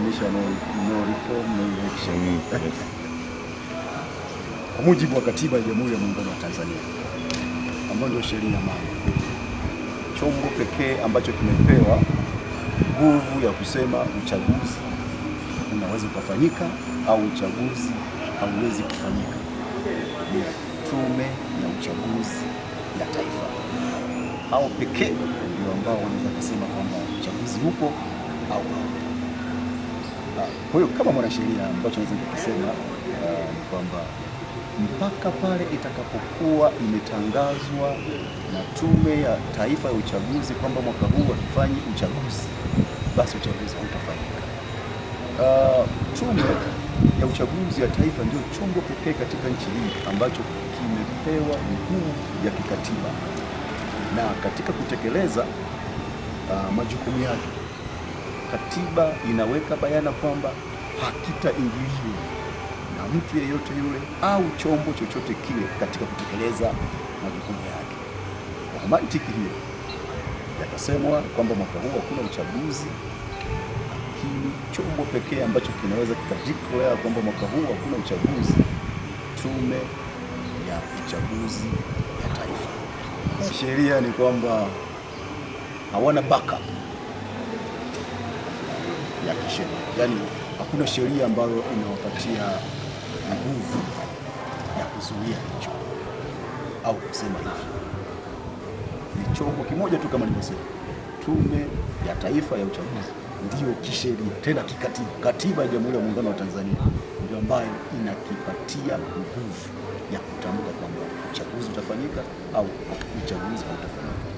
inamaanisha no, no reform no election Kwa mujibu wa katiba ya Jamhuri ya Muungano wa Tanzania ambayo ndio sheria mama, chombo pekee ambacho kimepewa nguvu ya kusema uchaguzi unaweza ukafanyika au uchaguzi hauwezi kufanyika ni Tume ya Uchaguzi ya Taifa. Hao pekee ndio ambao wanaweza kusema kwamba uchaguzi upo au haupo. Kwa hiyo kama mwanasheria, ambacho naweza nikasema uh, ni kwamba mpaka pale itakapokuwa imetangazwa na Tume ya Taifa ya Uchaguzi kwamba mwaka huu hatufanyi uchaguzi, basi uchaguzi hautafanyika. Uh, Tume ya Uchaguzi ya Taifa ndio chombo pekee katika nchi hii ambacho kimepewa nguvu ya kikatiba na katika kutekeleza uh, majukumu yake katiba inaweka bayana kwamba hakitaingiliwa na mtu yeyote yule au chombo chochote kile katika kutekeleza majukumu yake. Kwa mantiki hiyo, yatasemwa kwamba mwaka huu hakuna uchaguzi, lakini chombo pekee ambacho kinaweza kikadeclare kwamba mwaka huu hakuna uchaguzi, Tume ya Uchaguzi ya Taifa. Sheria ni kwamba hawana backup ya kisheria, yaani hakuna sheria ambayo inawapatia nguvu ya kuzuia hicho au kusema hivyo. Ni chombo kimoja tu, kama nilivyosema, Tume ya Taifa ya Uchaguzi ndiyo kisheria, tena kikatiba, katiba ya Jamhuri ya Muungano wa Tanzania ndio ambayo inakipatia nguvu ya kutamka kwamba uchaguzi utafanyika au uchaguzi hautafanyika.